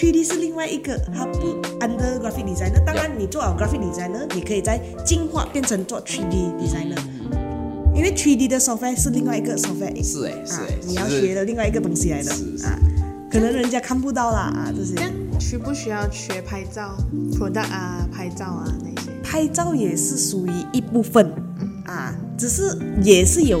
3D 是另外一個，它不 under graphic designer。當然你做好 graphic designer，你可以在進化變成做 3D designer，因為 3D 的 s o f t a 收費是另外一個 s o f 個收費。是誒、欸，是誒、欸啊欸欸，你要學的另外一個東西來的。是，是是啊，可能人家看不到啦啊，這些這。需不需要學拍照 product、嗯、啊、拍照啊那些？拍照也是屬於一部分啊，只是也是有。